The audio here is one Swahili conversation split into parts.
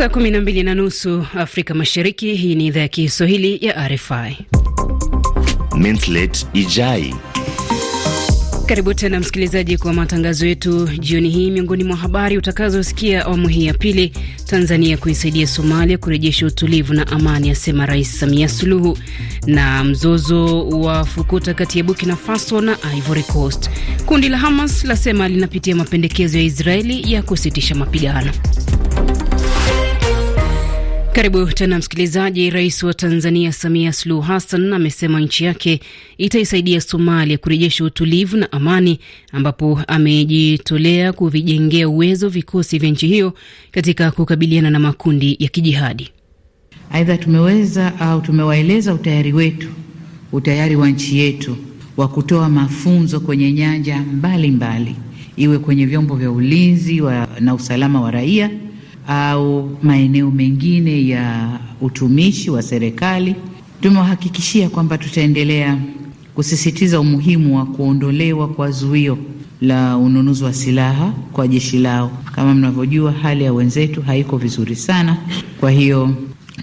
Saa kumi na mbili na nusu Afrika Mashariki. Hii ni idhaa ya Kiswahili ya RFI. Mintlet Ijai. Karibu tena msikilizaji, kwa matangazo yetu jioni hii. Miongoni mwa habari utakazosikia awamu hii ya pili: Tanzania kuisaidia Somalia kurejesha utulivu na amani, asema Rais Samia Suluhu, na mzozo wa fukuta kati ya Burkina Faso na Ivory Coast. Kundi la Hamas lasema linapitia mapendekezo ya Israeli ya kusitisha mapigano. Karibu tena msikilizaji. Rais wa Tanzania Samia Suluhu Hassan amesema nchi yake itaisaidia Somalia kurejesha utulivu na amani, ambapo amejitolea kuvijengea uwezo vikosi vya nchi hiyo katika kukabiliana na makundi ya kijihadi. Aidha, tumeweza au tumewaeleza utayari wetu, utayari wa nchi yetu wa kutoa mafunzo kwenye nyanja mbalimbali mbali, iwe kwenye vyombo vya ulinzi na usalama wa raia au maeneo mengine ya utumishi wa serikali. Tumewahakikishia kwamba tutaendelea kusisitiza umuhimu wa kuondolewa kwa zuio la ununuzi wa silaha kwa jeshi lao. Kama mnavyojua, hali ya wenzetu haiko vizuri sana. Kwa hiyo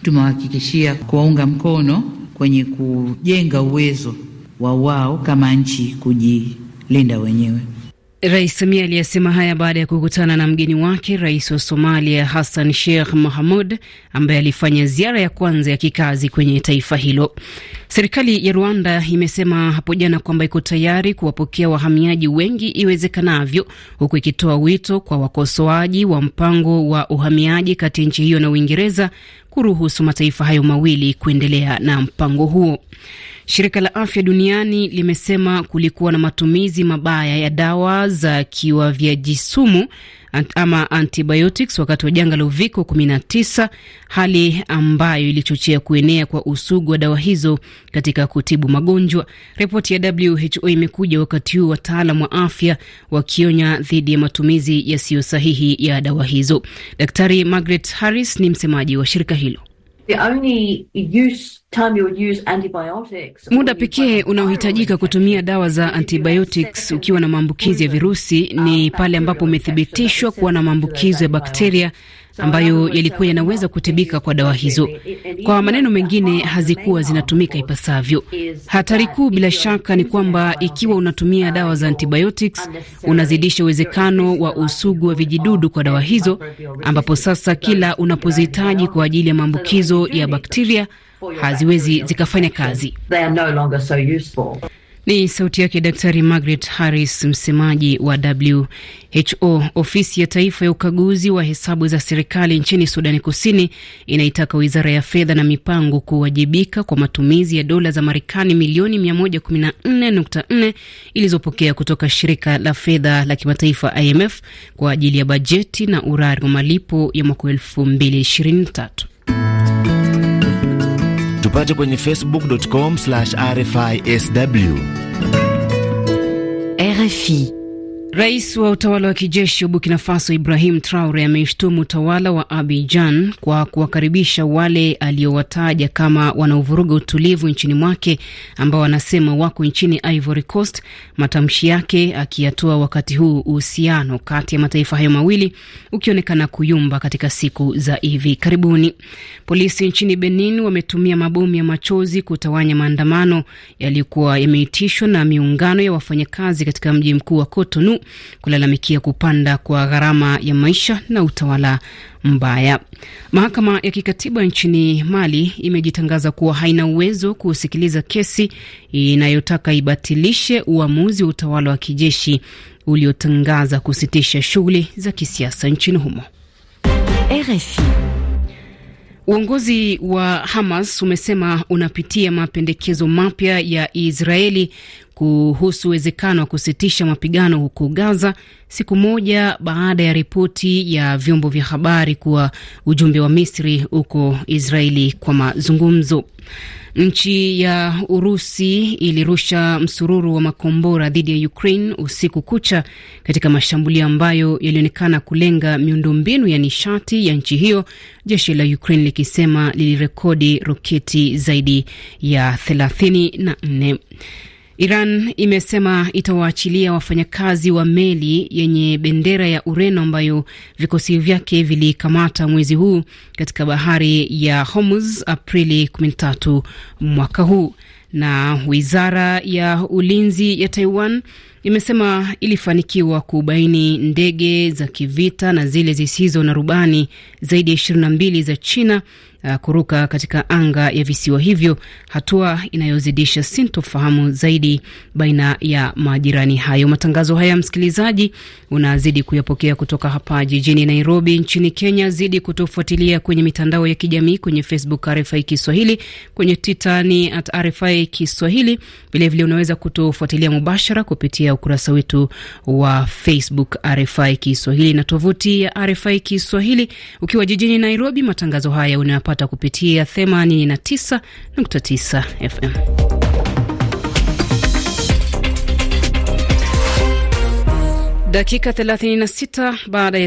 tumewahakikishia kuwaunga mkono kwenye kujenga uwezo wa wao kama nchi kujilinda wenyewe. Rais Samia aliyasema haya baada ya kukutana na mgeni wake rais wa Somalia Hassan Sheikh Mohamud ambaye alifanya ziara ya kwanza ya kikazi kwenye taifa hilo. Serikali ya Rwanda imesema hapo jana kwamba iko tayari kuwapokea wahamiaji wengi iwezekanavyo, huku ikitoa wito kwa wakosoaji wa mpango wa uhamiaji kati ya nchi hiyo na Uingereza kuruhusu mataifa hayo mawili kuendelea na mpango huo. Shirika la Afya Duniani limesema kulikuwa na matumizi mabaya ya dawa za kiwaviajisumu ant, ama antibiotics wakati wa janga la uviko 19, hali ambayo ilichochea kuenea kwa usugu wa dawa hizo katika kutibu magonjwa. Ripoti ya WHO imekuja wakati huu wataalam wa afya wakionya dhidi ya matumizi yasiyo sahihi ya dawa hizo. Daktari Margaret Harris ni msemaji wa shirika hilo. Muda pekee unaohitajika kutumia dawa za antibiotics ukiwa na maambukizi ya virusi ni um, pale ambapo umethibitishwa kuwa na maambukizo ya bakteria ambayo yalikuwa yanaweza kutibika kwa dawa hizo. Kwa maneno mengine, hazikuwa zinatumika ipasavyo. Hatari kuu bila shaka ni kwamba ikiwa unatumia dawa za antibiotics, unazidisha uwezekano wa usugu wa vijidudu kwa dawa hizo, ambapo sasa kila unapozihitaji kwa ajili ya maambukizo ya bakteria haziwezi zikafanya kazi. Ni sauti yake Daktari Margaret Harris, msemaji wa WHO. Ofisi ya Taifa ya Ukaguzi wa Hesabu za Serikali nchini Sudani Kusini inaitaka wizara ya fedha na mipango kuwajibika kwa matumizi ya dola za Marekani milioni 114.4 ilizopokea kutoka shirika la fedha la kimataifa IMF kwa ajili ya bajeti na urari wa malipo ya mwaka 2023. Tupate kwenye facebook.com/rfisw. RFI Rais wa utawala wa kijeshi wa Burkina Faso Ibrahim Traore ameshtumu utawala wa Abidjan kwa kuwakaribisha wale aliowataja kama wanaovuruga utulivu nchini mwake ambao anasema wako nchini Ivory Coast, matamshi yake akiyatoa wakati huu uhusiano kati ya mataifa hayo mawili ukionekana kuyumba katika siku za hivi karibuni. Polisi nchini Benin wametumia mabomu ya machozi kutawanya maandamano yaliyokuwa yameitishwa na miungano ya wafanyakazi katika mji mkuu wa Cotonou kulalamikia kupanda kwa gharama ya maisha na utawala mbaya. Mahakama ya kikatiba nchini Mali imejitangaza kuwa haina uwezo kusikiliza kesi inayotaka ibatilishe uamuzi wa utawala wa kijeshi uliotangaza kusitisha shughuli za kisiasa nchini humo. RFI. Uongozi wa Hamas umesema unapitia mapendekezo mapya ya Israeli kuhusu uwezekano wa kusitisha mapigano huko Gaza, siku moja baada ya ripoti ya vyombo vya habari kuwa ujumbe wa Misri uko Israeli kwa mazungumzo. Nchi ya Urusi ilirusha msururu wa makombora dhidi ya Ukraine usiku kucha katika mashambulio ambayo yalionekana kulenga miundombinu ya nishati ya nchi hiyo, jeshi la Ukraine likisema lilirekodi roketi zaidi ya 34. Iran imesema itawaachilia wafanyakazi wa meli yenye bendera ya Ureno ambayo vikosi vyake vilikamata mwezi huu katika bahari ya Hormuz Aprili 13 mwaka huu. Na wizara ya ulinzi ya Taiwan imesema ilifanikiwa kubaini ndege za kivita na zile zisizo na rubani zaidi ya ishirini na mbili za China uh, kuruka katika anga ya visiwa hivyo, hatua inayozidisha sintofahamu zaidi baina ya majirani hayo. Matangazo haya msikilizaji, unazidi kuyapokea kutoka hapa jijini Nairobi nchini Kenya. Zidi kutufuatilia kwenye mitandao ya kijamii, kwenye Facebook RFI Kiswahili, kwenye Twitter ni at RFI Kiswahili. Vilevile unaweza kutufuatilia mubashara kupitia ukurasa wetu wa Facebook RFI Kiswahili na tovuti ya RFI Kiswahili. Ukiwa jijini Nairobi, matangazo haya unayapata kupitia 89.9 FM. Dakika 36 baada ya